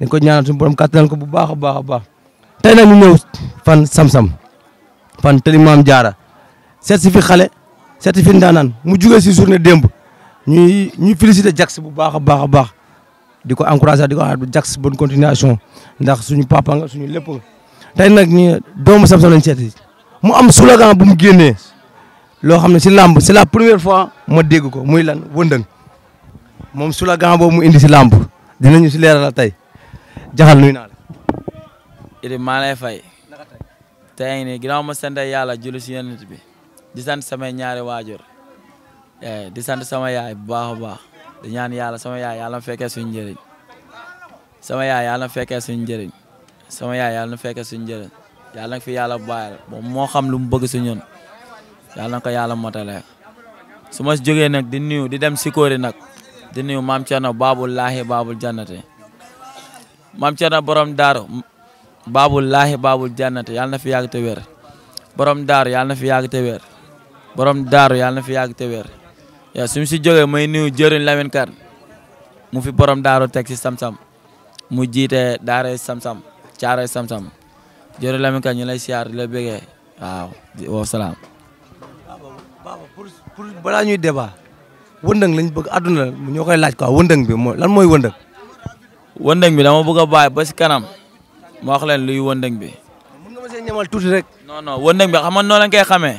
dañ ko ñaanal suñu borom kàttanal ko bu baax a baax a baax tey nag ñu ñëw fan sam-sam fan tëli maam jaara seet fi xale seet si fi ndaanaan mu jugee si journée démb ñuy ñuy félicité Jax bu baax a baax a baax di ko encouragé di ko xaar Jax bonne continuation ndax suñu papa nga suñu lépp nga tey nag ñi doomu sam-sam lañ seet si mu am slogan bu mu génnee loo xam ne si làmb c'est la première fois ma dégg ko muy lan wëndëng moom slogan boobu mu indi si làmb dinañu si leeralal tey jaxal nuyu naa la. Idy maa lay fay. tey nii ginnaaw ma sant yàlla julli si yonent bi di sant samay ñaari waajur eh, di sant sama yaay bu baax a baax yàlla sama yaay yàlla na fekkee suñu njëriñ sama yaay yàlla na fekkee suñu njëriñ sama yaay yàlla na fekkee suñu njëriñ yàlla na fi yàlla bàyyil moom moo xam lu mu bëgg si ñun yàlla ko yàlla motale su ma jógee nag di nuyu di dem Sikori nag di nuyu maam Thierno baabul laahi baabul jannate maam Cerno borom daaru baabul laahi baabul jannati yàlla na fi yàgg te borom daaru yàlla na fi yàgg te yaa suñ si jógee may nuyu jëriñ Lamin Kan mu fi borom daaru teg si mu jiite daara sam-sam caara sam-sam Lamin Kan ñu lay siyaar la bégee waaw wa salaam baba pour ñuy débat wëndëng lañ bëgg àdduna ñoo koy laaj quoi wëndëng bi lan mooy wëndëng wëndëng bi dama bëgg a bàyyi ba si kanam ma wax leen luy wëndëng bi. mën ma see ñamal tuuti rek. non non wëndëng bi xam noo leen koy xamee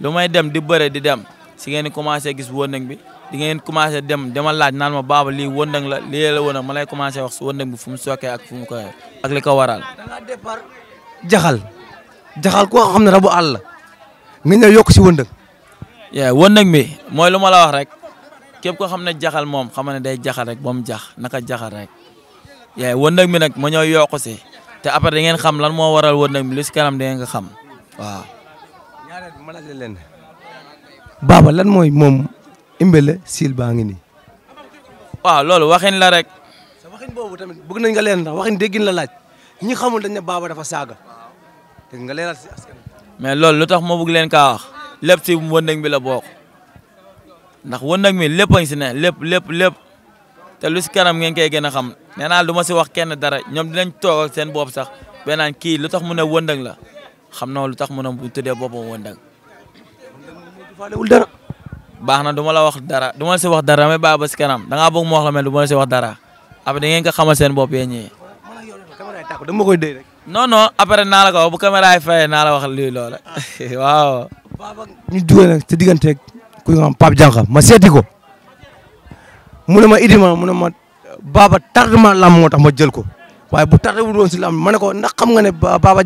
lu may dem di bëre di dem si ngeen commencé gis wëndëng bi di ngeen commencé dem dama laaj naan ma baaba lii wëndëng la lii la wëndëng ma lay commencé wax si wëndëng bi fu mu sookee ak fu mu koy ak li ko waral. da jaxal jaxal koo xam ne rabu àll nga ñëw yokk si wëndëng. yaa wëndëng bi mooy lu ma la wax rek képp koo xam ne jaxal moom xam ne day jaxal rek ba jax naka jaxal rek yaay wëndëg mi nag ma ñëw yokku si te après da ngeen xam lan moo waral wëndëg mi lu si kanam da ngeen ko xam waaw. ñaareel bi ma laaj leen Baba lan mooy moom Imbélé Sile baa ngi nii. waaw loolu waxin la rek. sa boobu tamit bëgg nañ nga leen ndax waxin déggin la laaj ñi xamul dañ ne Baba dafa saaga dégg nga leeral si mais loolu lu tax ma bëgg leen kaa wax lépp si wëndëg bi la bokk ndax wëndëg mi lépp a si ne lépp lépp lépp. te lu si kanam ngeen koy gën a xam nee lu ma si wax kenn dara ñoom dinañ toog ak seen bopp sax ba naan kii lu tax mu ne wëndëng la xam na lu tax mu ne bu tuddee boppam wëndëng. baax na du ma la wax dara du ma wax dara damay baax ba da ngaa bëgg mu wax la mel du si wax dara après da ngeen ko xamal seen bopp yéen ñii. dama koy dee rek. non non naa la ko wax bu caméra yi fayee naa la wax luy loola waaw. ñu dugal nag sa digganteeg ku ñu xam Pape Diakha ma seeti ko. mu ne ma idima mu ne ma baaba tardement lam moo tax ma jël ko waaye bu tardé wul woon si lam ma ne ko ndax xam nga ne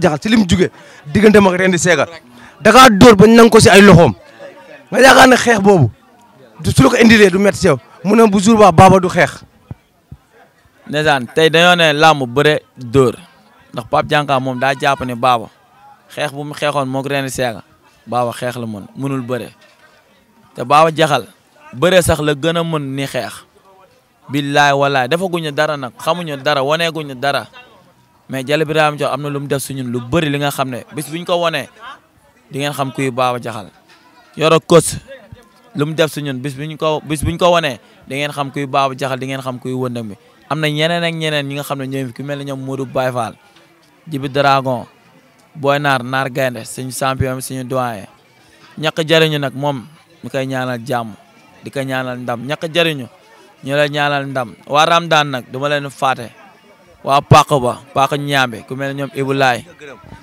jaxal si li mu jugee diggante mag ren di seegar dakaa dóor bañ nang ko si ay loxoom nga yaakaar ne xeex boobu su la ko indilee du métti si yow mu ne bu jur ba baaba du xeex ndeysaan tey dañoo ne làmb bëre dóor ndax Pape Dianka moom daa jàpp ne baaba xeex bu mu xeexoon moog ren di seega baaba xeex la mën mënul bëre te baaba jaxal bëre sax la gën a mën ni xeex billaay walaay defaguñu dara nag xamuñu dara waneeguñu dara mais Jalle Birame Diaw am na lu mu def suñun lu bëri li nga xam ne bis buñ ko wanee di ngeen xam kuy Baba Jaxal yoro kos lu mu def suñun bis buñ ko bis buñ ko wanee di ngeen xam kuy Baba Jaxal di ngeen xam kuy wëndam bi am na ñeneen ak ñeneen ñi nga xam ne ñoom ku mel ne ñoom Modou Baye Fall Jibi Dragon Boy Naar Naar Gaynde suñu champion suñu doyen ñàkk jariñu nag moom ñu koy ñaanal jàmm di ko ñaanal ndam ñàkk jariñu ñu la ñaanal ndam waa Ramadaan nag duma leen faate waa Pàq ba Pàq ñaambe ku mel ne ñoom Ibou Laye.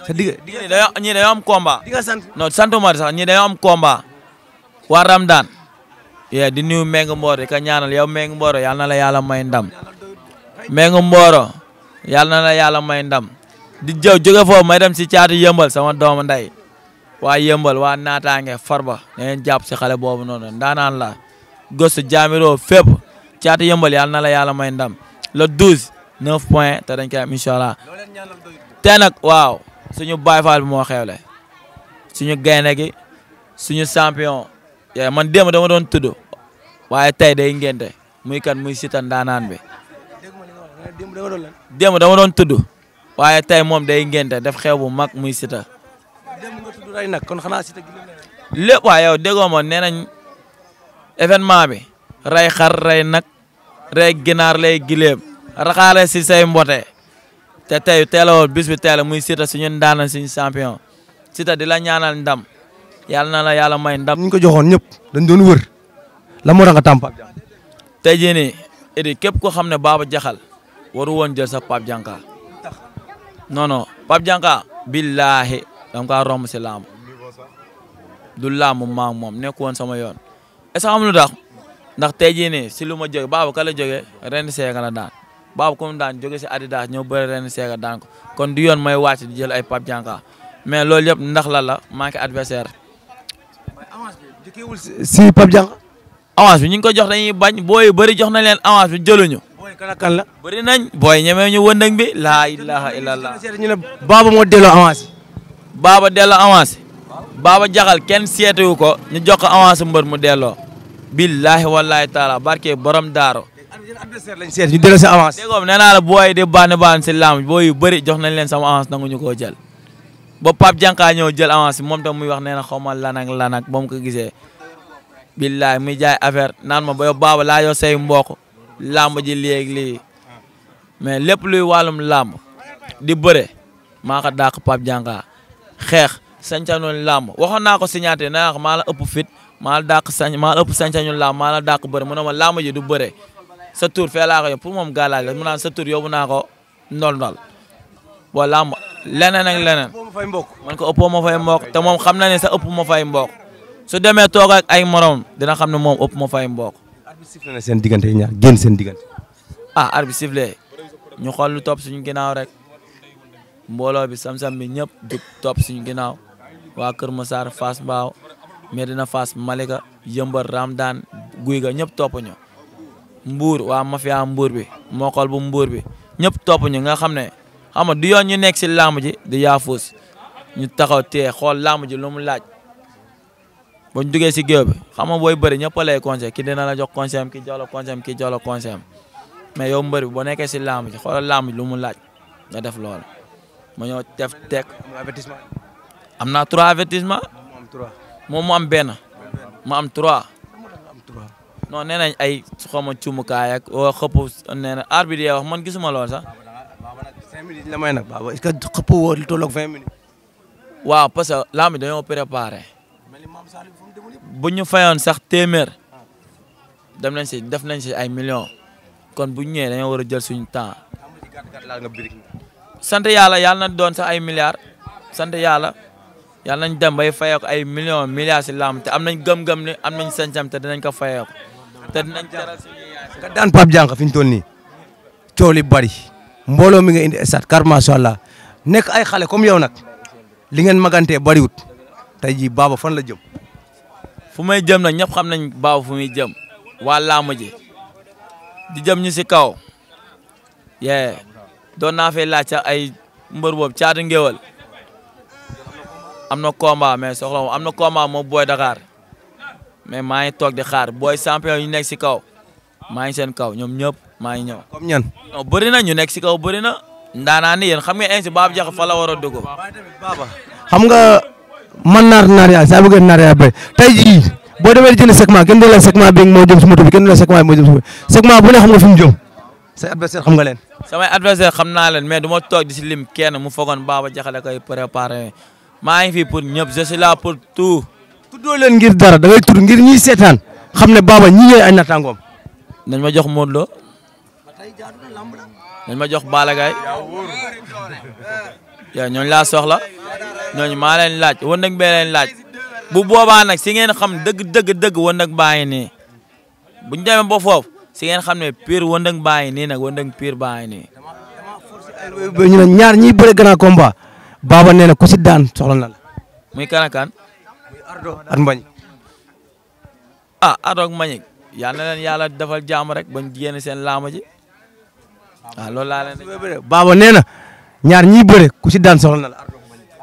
sa digg ñii dañoo ñii dañoo am combat. di nga sant non santuma sax am combat. di nuyu Mbengue Mboro ka ñaanal yow Mbengue Mboro yal na la yàlla may ndam. Mbengue Mboro yal na la yàlla may ndam. di jëw jóge foofu may si caatu yëmbal sama doom nday waa yëmbal waa naataange farba na ngeen jàpp si xale boobu noonu daanaan la gosu jaamiroo fépp. caatu yëmbal yàlla na la yàlla may ndam le 12 9 points te dañ koy am incha te nag waaw suñu baay faal moo xewle suñu gaynde gi suñu champion man démb dama doon tudd waaye tey day ngente muy kan muy Siteu ndaanaan bi dama doon tudd waaye tey moom day ngente def xew bu mag muy Siteu lépp waaye yow déggoo ma nee nañ événement bi rey xar rey rey ginaar lay gileem raxaale si say mbote te tey teel a woon bis bi teel a muy Siteu suñu ndaanal suñu champion Siteu di la ñaanal ndam yàlla na la yàlla may ndam. ñu ko joxoon ñëpp dañ doon wër la moo tax nga tàmpa. tey jii nii Idy képp koo xam ne Baba Jaxal waru woon jël sa Pape Dianka non non Pape Dianka billaahi dama kaa romb si laamu maam moom nekk woon sama yoon est-ce que ndax tey jii si lu ma jóge baabu kala la jógee ren seega la daan baabu comme daan jóge si Adidas ñëw bëri ren seega daan ko kon du yoon may wàcc di jël ay Pape Dianka mais loolu yëpp ndax la la manqué adversaire. avance bi jëkkeewul si Pape Dianka. avance bi ñu ngi ko jox dañuy bañ booy yu bëri jox nañ leen avance bi jëluñu. booy kan ak kan la. bëri nañ booy ñemee ñu wëndëng bi. laa ilaha illallah ñu ne Baba moo delloo avance. Baba delloo avance. Baba jaxal kenn seetu ko ñu jox ko avance mbër mu delloo. billaahi wallaahi taala barke borom daaro ñu dellu sa la booy di bànn bànn si laam booy yu bëri jox nañ leen sama avance nanguñu koo jël ba Pape Dianka ñëw jël avance bi moom tam muy wax nee na xaw ma lan ak lan ak ba mu ko gisee billaay muy jaay affaire naan ma ba yow baaba laa yow say mbokk làmb ji léegi lii mais lépp luy wàllum làmb di bëre maa ko dàq Pape Dianka xeex sañcanoon làmb waxoon naa ko signaté naa maa la ëpp fit maa la dàq sañ maa la ëpp sañ-sañu laam ma laama ji du bëre sa tur fee laa ko yóbbu pour moom gàllaaj la mu naan sa tur yóbbu naa ko ndol-ndol boo laam leneen ak leneen man ko ëppoo ma fay mbokk te moom xam na ne sa ëpp ma fay mbokk su demee toog ak ay morom dina xam ne moom ëpp ma fay mbokk. arbitre sifflé seen diggante ñaar génn seen diggante. ah arbitre ñu xool lu top suñu ginaaw rek mbooloo bi sam bi ñëpp top topp suñu ginnaaw waa Kër Massar Fass Medina Fass Malika Yëmbal Ramdan guy ga ñëpp topp ñu mbuur waa mafia mbuur bi mookol bu mbuur bi ñëpp topp ñu nga xam ne xam nga du yoon ñu nekk si làmb ji di yaafuus ñu taxaw tee xool làmb ji lu mu laaj buñ duggee si géew bi xam nga booy bëri ñëpp lay conseil ki dina la jox conseil am ki jox la mais yow mbër bi boo nekkee si làmb ji xoolal lu mu laaj nga def loolu ma ñëw def teg am naa moom mu am benn ma am trois non nee nañ ay xaw ma cumukaay ak xëpp nee na arbitre wax man gisuma lool sax. cinq minutes la may nag baba est-ce que xëpp woo lu tolloog vingt minutes. waaw parce que lamb dañoo bu ñu fayoon sax téeméer dem nañ si def nañ si ay millions kon bu ñu ñëwee dañoo war a jël suñ temps. sant yàlla yàlla na doon sax ay milliards sant yàlla. yàlla nañ dem bay fayee ko ay millions milliards si lamb te am nañ gëm-gëm ne am nañ sañ-sañ te dinañ ko fayee ko te dinañ teral suñuy daan Pape Dianka fi ñu toll nii coow li bari mbooloo mi nga indi stade car macha allah nekk ay xale comme yow nag li ngeen magantee bariwut tey jii baaba fan la jëm. fu may jëm nag ñëpp xam nañ baaba fu muy jëm waa làmb ji di jëm ñu si kaw yee doon naa fay laaj ay mbër boobu caatu ngéwal am na combat mais soxla moom am na combat moom booy Dakar mais maa ngi toog di xaar booy champion ñu nekk si kaw maa ngi seen kaw ñoom ñëpp maa ngi ñëw. comme ñan. non bëri na ñu nekk si kaw bëri na. ndaanaa ni yéen xam nga ainsi Baba Diakhou fa la war a dugg. xam nga man naar naar yaa saa bëgg naar yaa bay tey jii boo demee jënd segment kenn du la segment bi moo jëm si moto bi kenn du la segment bi moo jëm si moto bi segment bu ne xam nga fi mu jëm. say adversaire xam nga leen. samay adversaire xam naa leen mais du ma toog di si lim kenn mu foogoon Baba Diakhou la koy préparé. maa ngi fi pour ñëpp je suis là pour tout. tuddoo leen ngir dara da ngay ngir ñiy seetaan xam ne Baba ñi ñooy ay nattaangoom. nañ ma jox Modou Lo. nañ ma jox Balla Gaye. yow ñooñu laa soxla ñooñu maa leen laaj woon nag bee laaj bu boobaa nag si ngeen xam dëgg dëgg dëgg nag baa ngi nii bu ñu demee ba foofu si ngeen xam ne piir woon nag baa ngi nii nag woon piir baa ngi nii. ñaar ñiy bëre grand combat Baba nee na ku si daan soxla na la. muy kan ak kan. muy Ardo ak Mbagnick. Ah, Ardo ak Mbagnick yal na leen yàlla defal jàmm rek bañ génn seen laama ji waaw ah, loolu laa leen. Baba nee na ñaar ñiy bëre ku si daan soxla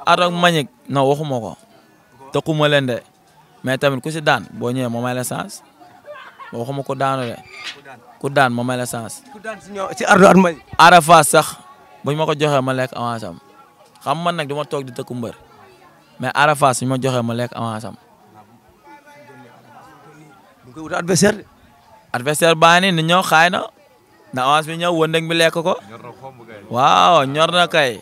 Ardo ak Mbagnick non waxuma ko taxuma leen de mais tamit ku si daan boo ñëwee moo may la chance waxuma ko daanu de ku daan moo may la chance. Ardo ak Mbagnick. Arafa sax buñ ma ko joxee ma lekk avance xam man nag dama toog di tëkku mbër mais Arafa suñ ma joxee ma lekk avance am. bu ko wut adversaire. adversaire baa ni nit xaay na na avance bi ñëw wëndëng bi lekk ko. waaw ñor kay.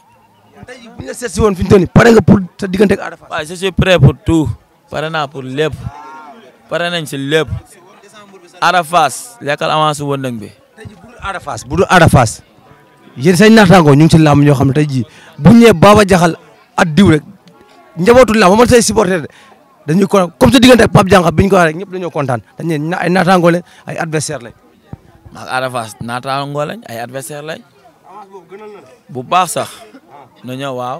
tey bi nga woon fi ñu toll nii pare nga pour sa diggante ak Arafa. waaw pour tout pare naa pour nañ si lépp Arafas lekkal avance wëndëng bi. tey jii bu dul Arafas bu dul Arafas yéen ñu ngi ci làmb ñoo xam ne bu ñëwee Baba Jaxal at diw rek njabootu lamb man say supporter dañuy ko comme sa diggante ak Pape Diakha bi ñu ko waxee rek ñëpp dañoo kontaan dañuy ne ay naataangoo lañ ay adversaire lañ. maa ngi Ada Fass naataangoo ay adversaire lañ bu baax sax na ñëw waaw.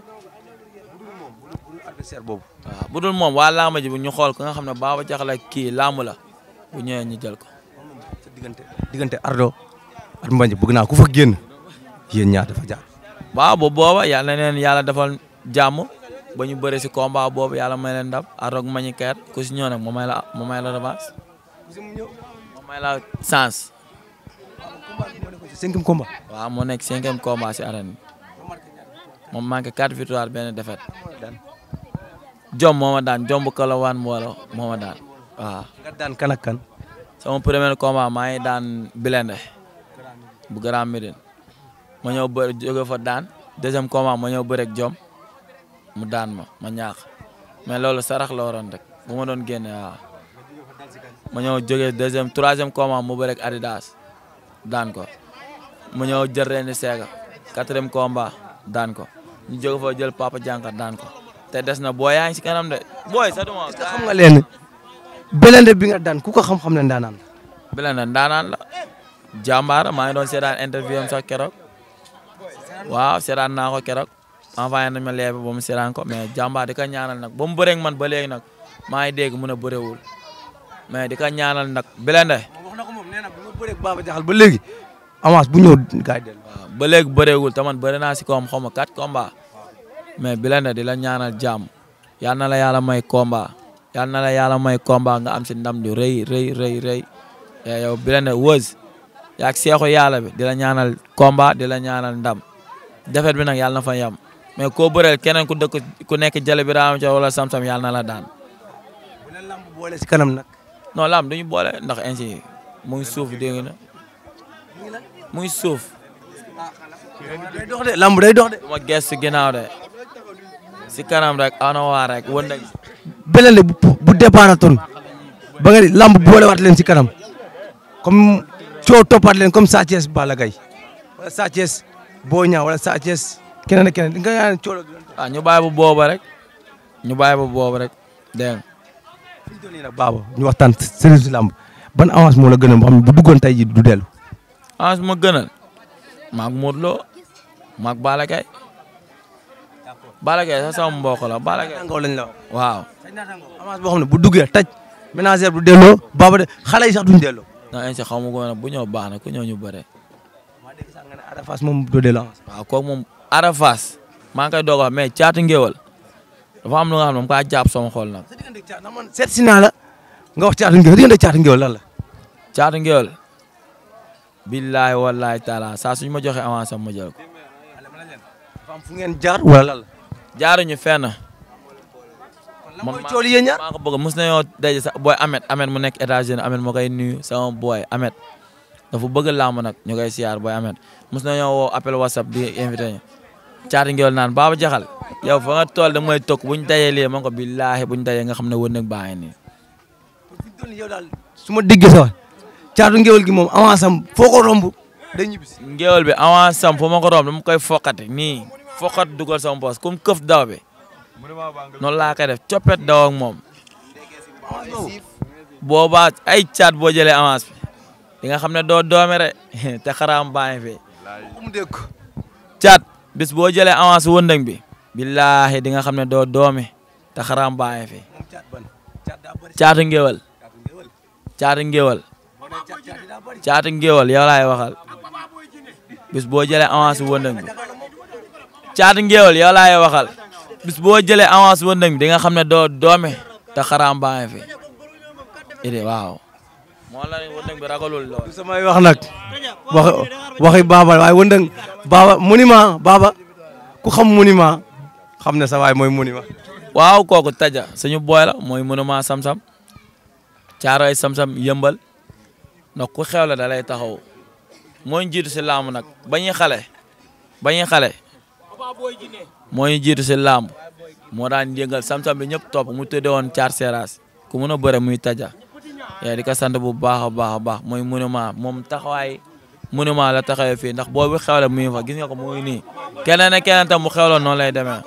adversaire bu dul moom waa laama ji bu ñu xool ko nga xam ne Baba Jaxal ak kii laamu la bu ñëwee ñu jël ko. diggante Ardo ak Mbanj bëgg naa ku fa génn yéen ñaar dafa jaar. waaw ba booba yàlla na leen yàlla defal jàmm ba ñu bëri si combat boobu yàlla may leen ndam arog mañi keer ku si ñëw nag ma may la ma may la la sens moo nekk cinquième combat si moom manqué quatre victoire benn défaite jom moo ma jom bu kalawaan mbooloo moo sama premier combat maa ngi daan bilende bu Grand Médine ma ñëw bëri jóge fa daan deuxième ñëw bëreeg jom mu daan ma ma ñaax mais loolu sarax la waroon rek bu ma doon génne waaw ma ñëw jóge deuxième troisième mu bëreeg Adidas daan ko ma jël reeni seega quatrième combat daan ko ñu jóge fa jël papa jànkat daan ko te des na booy yaa ngi si kanam de booy sa duma xam nga leen Blindé bi nga daan ku ko xam-xam ne ndaanaan la Blindé ndaanaan la jàmbaara maa ngi doon seetaan interview am sax waaw seetaan naa ko keroog envoyé nañ ma leebe ba mu seetaan ko mais jàmbaar di ko ñaanal nag ba man ba léegi nag maa ngi dégg mun a bëreewul mais di ko ñaanal nag Blindé. wax na ko moom nee ma ba léegi avance bu ñëw gaay ba léegi bëreewul te man naa sikom koom xaw ma quatre combats mais Blindé di la ñaanal jàmm yal na la yàlla may combat yal na la yàlla may combat am si ndam du rëy rëy rëy rëy eh, yow Blindé Weuz yaag seexu yàlla bi di la ñaanal combat di la ñaanal ndam defet bi nag yàlla na fa yam mais koo bëreel keneen ku dëkk ku nekk jale bi raam ca wala sam-sam na la daan. bu lamb boole si kanam nag. non lamb duñu boole ndax ainsi mu ngi suuf dégg na mu ngi suuf. day dox de lamb day dox de. ma gestu ginnaaw si kanam rek ana rek wën nañ. beneen de bu bu départoon ba nga ni lamb boolewaat leen si kanam comme coow toppaat leen comme Sa Thiès Balla Gaye Boy Niang wala Sa Thiès keneen ak keneen nga yaa ne coolo du ah ñu bàyyi bu booba rek ñu bàyyi bu booba rek dégg nga fi ñu doon nii nag baaba ñu waxtaan sëriñ si làmb ban avance moo la gënal boo xam ne bu duggoon tey ji du dellu avance ma gënal maag Modou Lo maag Balla Gaye Balla Gaye sax sama mbokk la Balla Gaye tàngoor lañ la waaw avance boo xam ne bu duggee taj ménagère du delloo baaba de xale yi sax duñ delloo non incha xaw ma ko bu ñëw baax na ku ñëw ñu bëre nga ne Ada Fass moom doo dee l'avance. waaw kooku moom Ada Fass maa ngi koy doog wax mais caatu ngéwal dafa am lu nga xam ne moom kaa jàpp sama xol nag. seet si naa la nga wax caatu ngéwal diggante caatu ngéwal lan la. caatu ngéwal. billaay wallaay taala saa suñu ma joxe avance am ma jël ko. dafa am fu ngeen jaar wala lan la. jaaruñu fenn. man maa ko bëgg mos nañoo daje sa booy Amet Amet mu nekk États-Unis Amet moo koy nuyu sama booy Amet. dafa bëgg làmb nag ñu koy siyaar booy amet mos nañoo woo appel whatsapp di invité ñu caati ngeel naan baaba jaxal yow fa nga tool da mooy tokk buñ dajee lii xam ne wën nag bàyyi nii yow daal su ma déggee sa wax caatu ngéwél gi moom avance am foo ko romb day ñibbisi ngéwél bi avance am foo ma ko romb dama koy foqati nii foqat dugal sama poos comme këf daw bi di nga xam ne doo doomere te xaraam baa ngi fi. mu dégg ko. caat bis boo jëlee avance wëndëng bi. billaahi di nga xam ne doo doome te xaraam baa ngi fi. caatu ngéwal. caatu ngéwal. caatu ngéwal yow laay waxal. bis boo jëlee avance wëndëng bi. caatu ngéwal yow laay waxal. bis boo jëlee avance wëndëng bi di nga xam ne doo doome te xaraam baa ngi fi. idi waaw. moo la ne wëndëng bi ragalul lool. samay wax nag wax waxi baaba waaye wëndëng baaba monument baaba ku xam monument xam ne sa waay mooy monument. waaw kooku taja suñu booy la mooy ma sam-sam caaroy sam-sam yëmbal ndax ku xew la taxaw mooy ñu jiitu si làmb nag bañuy xale bañuy xale moo ñu jiitu si làmb moo daan yëngal sam-sam bi ñëpp topp mu tëdde woon caar seeraas ku mën a muy taja yaay di ko sant bu baax a baax a baax mooy monument moom taxawaay monument la taxawee fii ndax boobu xewle mu ngi fa gis nga ko mu ngi nii keneen ak keneen tam mu xewloon noonu lay demee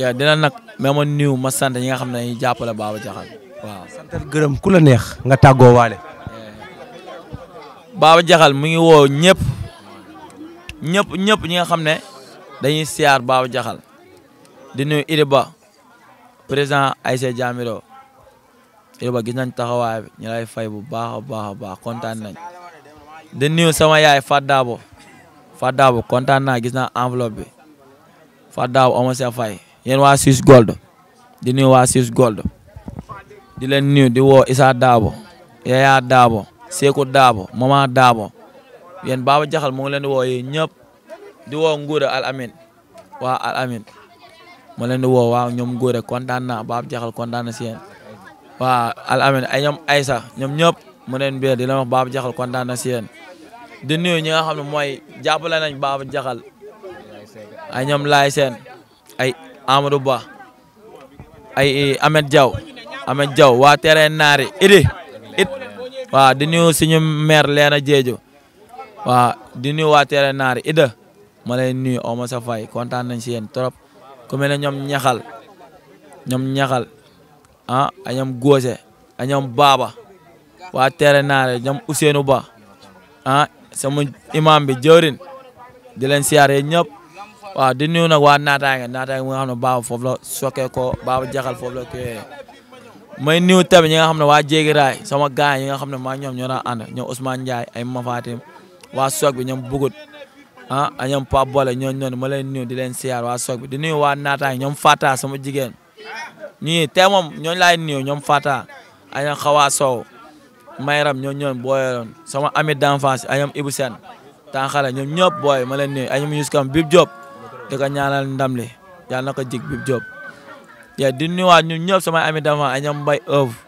yaa dina nag mais ma niw ma sant ñi nga xam ne dañuy jàppale Baba jaxal waaw sant gërëm ku neex nga tàggoo waale Baba mu ngi woo ñëpp ñëpp ñëpp ñi nga xam ne dañuy siyaar Baba Diakhal di nu Idy Ba président Aïssé Diamiro Iba gis nañ taxawaay bi ñu lay fay bu baax a baax a baax kontaan nañ di nuyu sama yaay Fadaabo Fadaabo kontaan naa gis naa enveloppe bi Fadaabo ama sa fay yéen waa Suisse Gold di nuyu waa Suisse Gold di leen nuyu di woo Issa Daabo Yaya Daabo Seeku Daabo Mama Daabo yéen Baba Jaxal mu ngi di woo yéen ñëpp di woo Nguure Al Amin waa Al Amin ma leen di woo waaw ñoom Nguure kontaan naa Baba Jaxal kontaan na waa al amin ay ñoom Aysa ñoom ñëpp mu neen biir di la wax Baba Diakhal kontaan na si yéen di nuyu ñi nga xam ne mooy jàppale nañ Baba Diakhal ay ñoom lay seen ay Amadou Ba ay Amet Diaw Amet Diaw waa terrain naari idi it waaw di nuyu suñu maire Leena Jeejo waa di nuyu waa terrain naari ida ma lay nuyu aw ma sa fay kontaan nañ si yéen trop ñoom ñaxal ñoom ñaxal ah añam Gose añam Baba waa Tere Naare ñoom Ousseynou Ba ah sama imam bi jëwrin di leen siyaare ñëpp waaw di nuyu nag waa naataange naataange mi nga xam ne Baba foofu la jaxal foofu la kiiwee may nga xam ne waa Jéegi Raay sama gars yi nga xam ne maa ñoom ñoo daan ànd ñoom Ousmane Ndiaye ay Mafatim waa soog bi ñoom Bugut ah ñoom Pape Bolle ñooñu noonu ma leen nuyu di leen siyaar waa soog bi di nuyu waa naataange ñoom Fata sama jigéen. ñii tey moom ñooñu laay nuyu ñoom Fata ay ñoom Xawa Sow Mayram ñoo ñoom booyoon sama ami d'enfance ay ñoom Ibou Sène temps ñoom ñëpp booy ma leen nuyu ay ñoom Yuskam Bib Diop di ko ñaanal ndam li yàlla na ko jig Bib Diop. di nuyuwaat ñoom ñëpp sama ami d'enfance ay ñoom Mbaye Oeuvre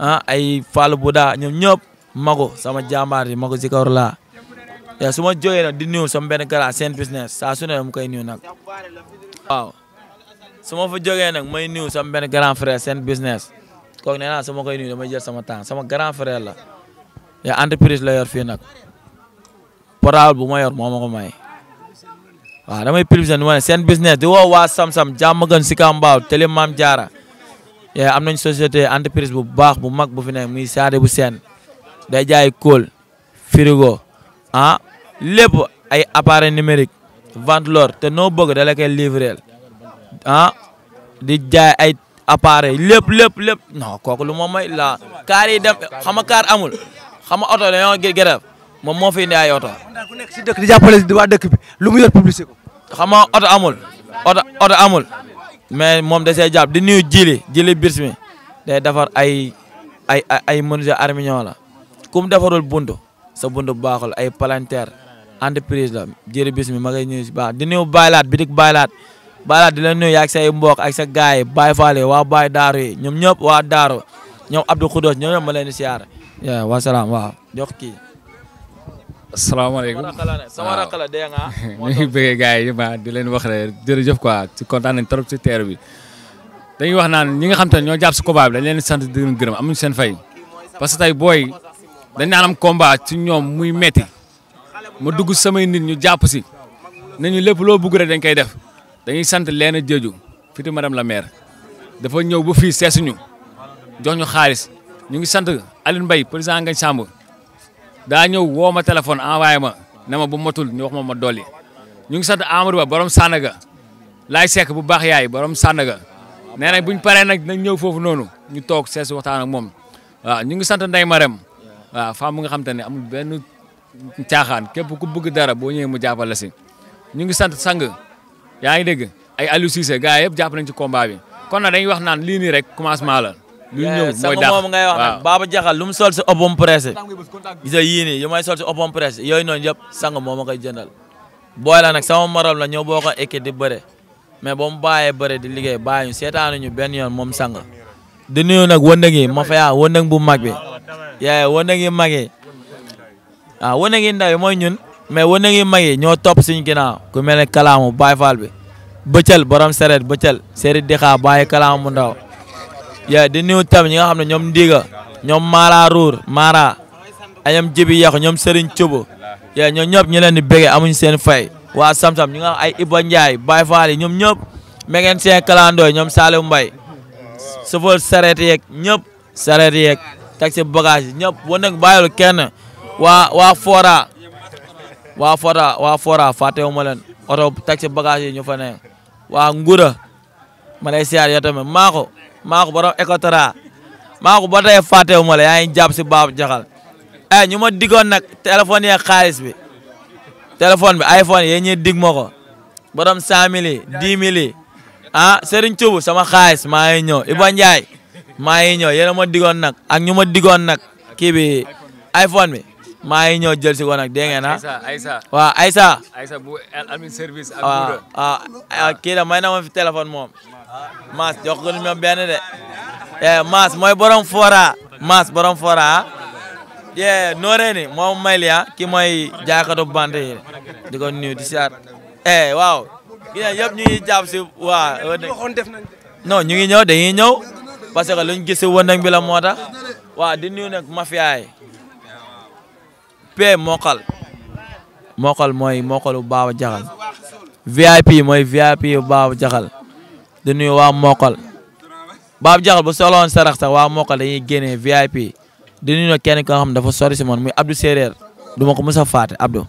ah ay Fallou Bouda ñoom ñëpp mago sama jàmbaar yi mago Zikor laa yaa su ma nag di nuyu sama benn garaas seen business saa su ne mu koy nuyu nag su ma fa jógee nag may nuyu sama benn grand frère seen business kooku nee naa sama koy nuyu damay sama temps sama grand frère la ya entreprise la yor fii nag portable bu ma yor moo ma ko may waaw damay publicité nu ma seen business di woo waa Samsam jàmm ka si baaw télé Maam Jaara yaa am nañ société entreprise bu baax bu mag bu fi nekk saade bu seen day jaay kóol frigo ah lépp ay appareil numérique vente lor te noo bëgg da la koy livreel ah di jaay ay appareil lépp lépp lép non kooku lu ma may la kaar dem xam nga kaar amul xam nga oto dañoo gërëm moom moo fi indi ay oto. si dëkk di jàppale waa dëkk bi lu mu yor publicité ko. xam nga oto amul oto oto amul mais moom da see jàpp di nuyu jili jili birs mi day defar ay ay ay menuisier armignon la ku mu defarul buntu sa buntu baaxul ay palanteer entreprise la jili birs mi ma koy baax di nuyu baylaat bitik baylaat Baye Laat di la nuyu yaag say mbokk ak sa gars yi Baye Fall yi waa baay Daaru yi ñoom ñëpp waa Daaru ñoom Abdou Khoudoss ñoom ma leen di wa salaam waaw jox kii. asalaamaaleykum sama rakk la dégg ngi bëggee gars yi ma di leen wax jërëjëf quoi ci kontaan nañ trop bi. dañuy wax naan ñi nga xam ñoo jàpp si combat bi dañ leen sant di leen gërëm seen fay parce que tey booy dañ naan am combat ci ñoom muy metti ma dugg samay nit ñu jàpp si nañu lépp loo bëgg rek dañ koy def dañuy sant Léna Diédhiou fiti madame la maire dafa ñëw ba fii seesuñu jox xaalis ñu ngi sant Aline Mbaye président Ngagne Samb daa ñëw woo ma téléphone envoyé ma ne ma bu motul ñu wax ma ma dolli ñu ngi sant Amadou Ba borom Sandaga laay sekk bu baax yaay borom Sandaga nee bu buñ paree nag nañ ñëw foofu noonu ñu toog seesu waxtaan ak moom waaw ñu ngi sant Ndeye Marème waaw femme bu nga xam te amul benn caaxaan képp ku bëgg dara boo ñëwee mu jàppale si ñu ngi sant sang yaa ngi dégg ay Aliou Cissé gars yëpp jàpp nañ ci combat bi kon nag dañuy wax naan lii rek commencement la. lu ñëw eh, mooy dàq moom ngay wax Baba Diakhal lu mu sol si obom pressé. gis nga yii nii yu may sol yooyu noonu yëpp sang moom a koy jëndal. booy la nag sama morom la ñëw boo ko ekki di bëre mais ba mu bàyyee bëre di liggéey bàyyi ñu seetaanuñu benn yoon moom sang. di nuyu nag wëndëng yi ma fayaa wëndëng bu mag bi. yaa wëndëng yi mag yi ah wëndëng yi ndaw yi mais wane ngi mag yi ñoo topp suñu ginnaaw ku mel ne kalaamu Baye Fall bi bëccël borom sareet bëccël seeri dixaa bàyyi kalaamu mu ndaw yaa di nuyu tam ñi nga xam ne ñoom ndiiga ñoom maara ruur maara añam jibi yàqu ñoom sëriñ cubu yaa ñoom ñëpp ñi leen di bége amuñ seen fay waa sam-sam ñi nga xam ay Iba Ndiaye Baye Fall ñoom ñëpp megeen seen kalandooy ñoom Saliou mbay sofër sareet yeeg ñëpp sareet yeeg taxi bagage yi ñëpp wan nag waa waa waa Fora waa Fora fàttewu ma leen oto taxi bagage yi ñu fa ne waa Ngura ma lay maako maako borom maako ba tey fàttewu ma la yaa ngi jàpp si Baabu Jaxal eh ñu ma diggoon nag téléphone yeeg xaalis bi téléphone bi iPhone yéen ñii dig ma ko borom 100000 yi 10000 yi ah Serigne sama xaalis maa ngi ñëw Iba maa ngi ñëw yéen ma diggoon nag ak ñu ma diggoon nag kii bi iPhone bi. maa ngi ñëw jël si woon ak dégg ngeen ah. Aïssa waaw Aïssa. Aïssa bu amin service. ak Moussa waaw waaw ah, kii la may na ma fi téléphone moom. Mass jox ko ñu benn de. Eh, Mass mooy borom fora. Mass borom fora ah. yee eh, nooree ni moom may liya ah, ki mooy jaaykatu bant yi di ko nuyu di siyaar. Eh, waaw. gis nga yëpp ñu ngi jàpp si waa. non ñu ngi ñëw dañuy ñëw. parce que luñ gis si wëndëng bi la moo tax. waa di nuyu nag mafia yi P mokal mokkal mooy mokkalu baaba jaxal VIP mooy VIP baaba jaxal di nuyu waa mokkal baaba jaxal bu soxla woon sarax sax waa mokkal dañuy génnee VIP di nuyu nag kenn ko xam dafa sori moon man muy Abdou Séeréer du ma ko mës a faate Abdou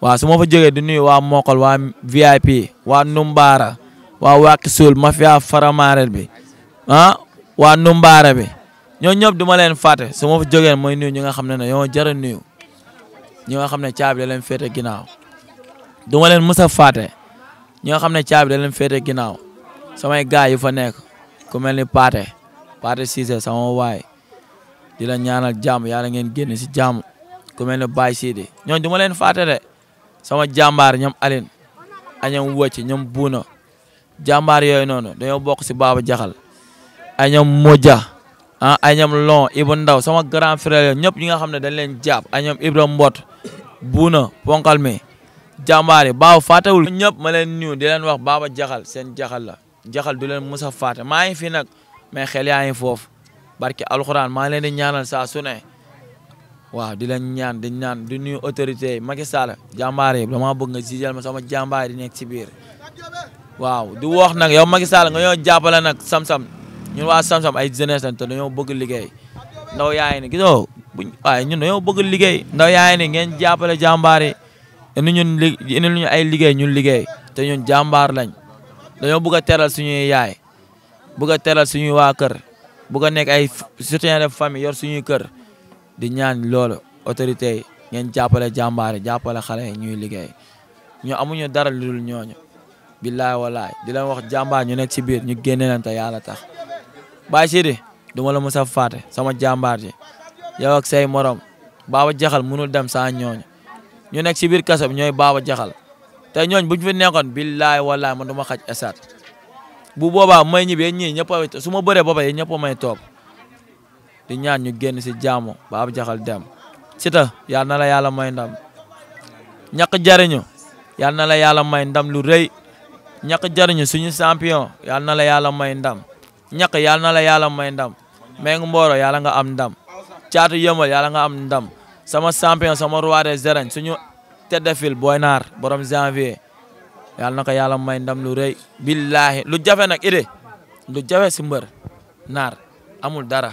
waaw su ma fa jógee di nuyu waa mokkal waa VIP waa Numbaara waa Waaki Suul mafia faramaareel bi ah waa Numbaara bi ñoo ñëpp du ma leen faate suma ma fa mooy nuyu ñi nga xam ne ne yow jar a ñi nga xam ne caabi da leen féete ginnaaw du ma leen mës a fàtte xam ne caabi da leen féete ginnaaw samay gaay yu fa nekk ku mel ni Paate Paate Cissé sama waay di la ñaanal jàmm yàlla ngeen génn si jàmm ku mel ni Baye Sidi ñoom du ma leen fàtte de sama jàmbaar ñoom a ak ñoom Wëcc ñoom Buuna jàmbaar yooyu noonu dañoo bokk si Baba Jaxal ak ñoom Moja ah ay ñoom Long Ibou Ndaw sama grand frère yooyu ñëpp ñi nga xam ne dañ leen jàpp ay ñoom Ibra Mbot Buuna Ponkal mi jàmbaar yi baaw fàttewul ñëpp ma leen nuyu di leen wax baaba jaxal seen jaxal la jaxal du leen mus a maa ngi fii nag mais xel yaa ngi foofu barke alxuraan maa ngi leen di ñaanal saa su waaw di leen ñaan di ñaan di nuyu autorité yi Macky Sall jàmbaar yi damaa bëgg nga jijal ma sama jàmbaar yi nekk ci biir waaw du wax nag yow Macky nga ñoo jàppale nag ñun waa Sam Sam ay jeunesse lañ te dañoo bëgg liggéey ndaw yaay ni gisoo buñ waaye ñun dañoo bëgg liggéey ndaw yaay ni ngeen jàppale jàmbaar yi indi ñun ay liggéey ñun liggéey te ñun jàmbaar lañ dañoo bëgg a teral suñuy yaay bëgg a teral suñuy waa kër bëgg a nekk ay soutien de famille yor suñuy kër di ñaan lool autorité yi ngeen jàppale jàmbaar yi jàppale xale yi ñuy liggéey ñu amuñu dara lu dul ñooñu billaay walaay di leen wax jàmbaar ñu nekk ci biir ñu génne leen te yàlla tax Baye duma la mos faate fàtte sama jàmbaar ji yow ak morom Baba Jaxal munul dem saa ñooñu ñu nekk si biir kaso bi ñooy Baba Jaxal te ñooñ buñ fi nekkoon billaay wallaay man du ma xaj esaat bu boobaa may ñibbee ñii ñëpp a ma bëree ba pare ñëpp may toog di ñaan ñu génn si jaamu Baba Jaxal dem Siteu yal na la yàlla may ndam ñàkk jariñu yal na la yàlla may ndam lu rëy ñàkk jariñu suñu champion yal yàlla may ndam ñàkk yàlla na la yàlla may ndam meng mbooro yàlla nga am ndam caatu yëmal yàlla nga am ndam sama champion sama roi des arènes suñu tête de file Boy Nar borom janvier yàlla na ko yàlla may ndam lu rëy billaahi lu jafe nag idée lu jafe si mbër naar amul dara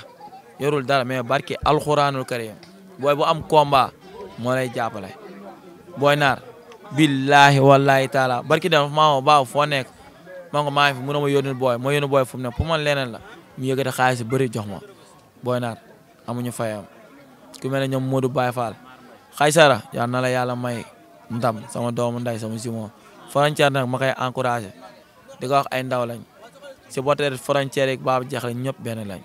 yorul dara mais barki alxuraanul karim booy bu am combat moo lay Boy Nar billaahi wallaahi taala barki dama maa ma baaw foo man ko maa ngi fi mu ma yónni booy ma yónni booy fu mu ne pour man leneen la mu yëkkati xaalis yu bëri jox ma booy naat ñu fayam ku mel ne ñoom Modou Baye Fall xaysara yal na la yàlla may ndam sama doomu nday sama simo frontière nag ma koy encouragé di ko wax ay ndaw lañ supporter frontière yi Baba Diakhal ñëpp benn lañ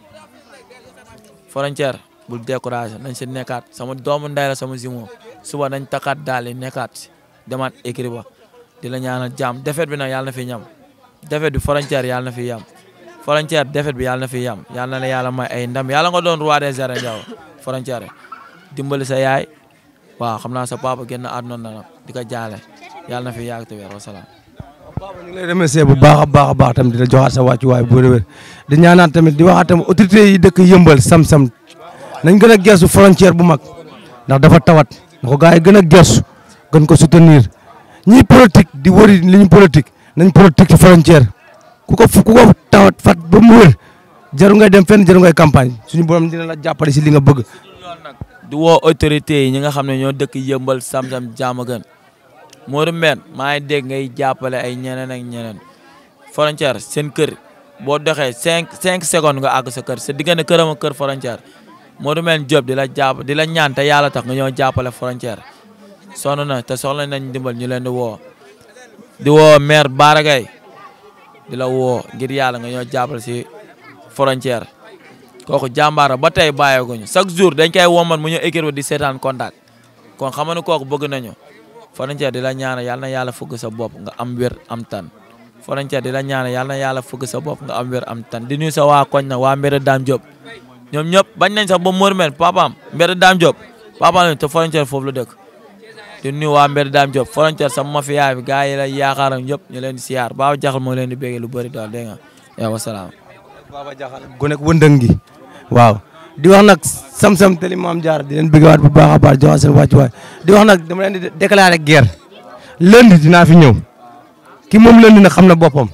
frontière bul découragé nañ si nekkaat sama doomu nday la sama simo suba nañ takkaat daal di nekkaat demaat écrit ba di la ñaanal jàmm defet bi nag yàlla na fi defet bi frontière yàlla na fi yam frontière defet bi yàlla na fi yam yàlla na la yàlla may ay ndam yàlla nga doon roi des arènes yow frontière dimbali sa yaay waaw xam naa sa papa génn àdduna na nag di ko jaale yàlla na fi yàgg te wér wasalaam. papa ñu ngi lay bu baax a baax a baax tamit di la joxaat sa wàccuwaay bu wér-wér di ñaanaat tamit di waxaat tamit autorité yi dëkk yëmbal sam-sam nañ gën a gestu frontière bu mag ndax dafa tawat na ko yi gën a gestu gën ko soutenir ñiy politique di nañ protecte frontière ku ku ko tawat fat ba mu wér jaru dem fenn jaru ngay campagne suñu borom dina la jàppale si li nga bëgg. di woo autorité yi ñi nga xam ne ñoo dëkk yëmbal sam-sam jaama gën Modou maa ngi dégg ngay jàppale ay ñeneen ak ñeneen frontière seen kër boo doxee cinq cinq secondes nga àgg sa kër sa diggante këram kër frontière Modou Mbène Diop di la jàpp di la ñaan te yàlla tax nga ñoo jàppale frontière sono na te soxla nañ dimbal ñu leen di woo di woo maire Bara Gaye di la woo ngir yàlla nga ñoo jàppale si frontière kooku jàmbaara ba tey bàyyeeguñu chaque jour dañ koy woman mu ñu écrire di seetaan contact kon xam ne kooku bëgg nañu frontière di la ñaanal yàlla na yàlla fëgg sa bopp nga am wér am tan frontière di la ñaanal yàlla na yàlla fëgg sa bopp nga am wér am tan di nu sa waa koñ na waa Mbéda Dame Diop ñoom ñëpp bañ nañ sa ba Mor Mène papaam Mbéda Dame Diop papaam te frontière foofu la dëkk. di nuyu waa daam Dame Diop frontière sama mafia bi gars yi la yaakaaram yëpp ñu leen di siyaar Baba Jaxal moo leen di lu bëri daal dégg nga yow wasalaam. Baba Jaxal gone ak gi waaw di wax nag sam-sam tali maam jaar di leen bëggewaat bu baax a baax joxaat seen wàccuwaay di wax nag dama leen di déclarer guerre lundi dinaa fi ñëw ki moom lundi nag xam na boppam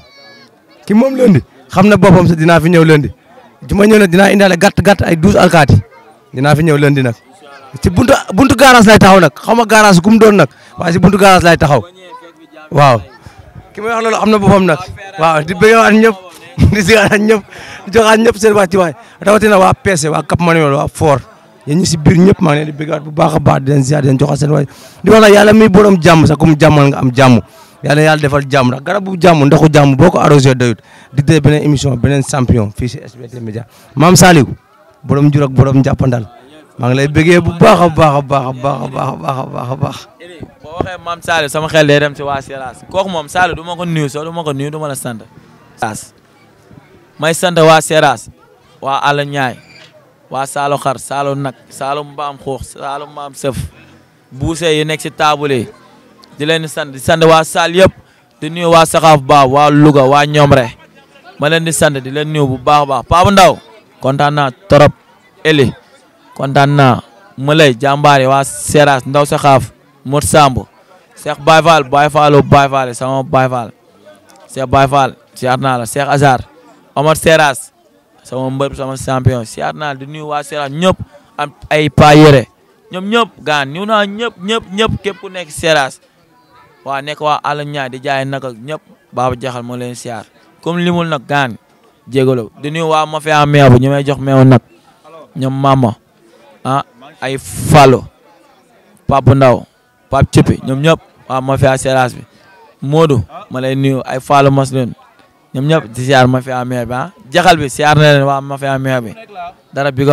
ki moom lundi xam na boppam sa dinaa fi ñëw lundi ju ma ñëw nag dinaa indaale gàtt gàtt ay douze alkaati dinaa fi ñëw lundi nag ci buntu buntu garage lay taxaw nag xaw ma garage gu mu doon nag waaye ci buntu garage lay taxaw waaw ki may wax loolu am na boppam nag waaw di bëggewaat ñëpp di sigaat ñëpp di joxaat ñëpp seen wàcc waay rawatina waa PC waa Cap Manuel waa Fort yéen ñi si biir ñëpp maa ngi leen di bu baax a baax di leen ziar di leen seen waay di wax nag yàlla miy borom jàmm sax comme jàmmal nga am jàmm yàlla yàlla defal jàmm ndax garabu jàmm ndoxu jàmm boo ko arrosé doyut di dee beneen émission beneen champion fii si SBT Média Mame Saliou borom jur ak maa ngi lay bëggee bu baax a baax a baax a baax a baax a baax a baax. boo waxee maam Saliou sama xel day dem ci waa Seras kooku moom Saliou du ma ko nuyu sax du ma ko nuyu du ma xar Saalum nag Saalum mbaam xoox Saalum mbaam sëf buuse yi nekk ci taabul yi di leen di sant di sant waa Sall yëpp di nuyu waa Saxaaf Ba waa Louga waa Ñomre ma leen di sant di leen nuyu bu baax baax Pape Ndaw kontaan naa kontaan naa Moulay jàmbaare waa Seras Ndaw Saxaaf Mor Samb Cheikh Baye Fall Baye Fallo Baye Fall sama Baye Fall Cheikh Baye Fall siyaar naa la Cheikh sama mbër sama champion siyaar naa la di waa Seras ñëpp am ay pa yére ñoom ñëpp gaan ñu naa ñëpp ñëpp ñëpp képp ku nekk Seras waa nekk waa àll ñaar di jaay nag ak ñëpp Baba Jaxal moo leen siyaar comme limul nag gaan jégalu di waa ma fi am meew bu ñu may jox meew ah ay Fallo Pape Ndaw Pape Thiépé ñoom ñëpp waa mafia Seras bi Modou ma lay nuyu ay Fallo mas leen ñoom ñëpp di siyaar mafia meer bi ah jaxal bi siyaar na leen waa mafia meer bi dara big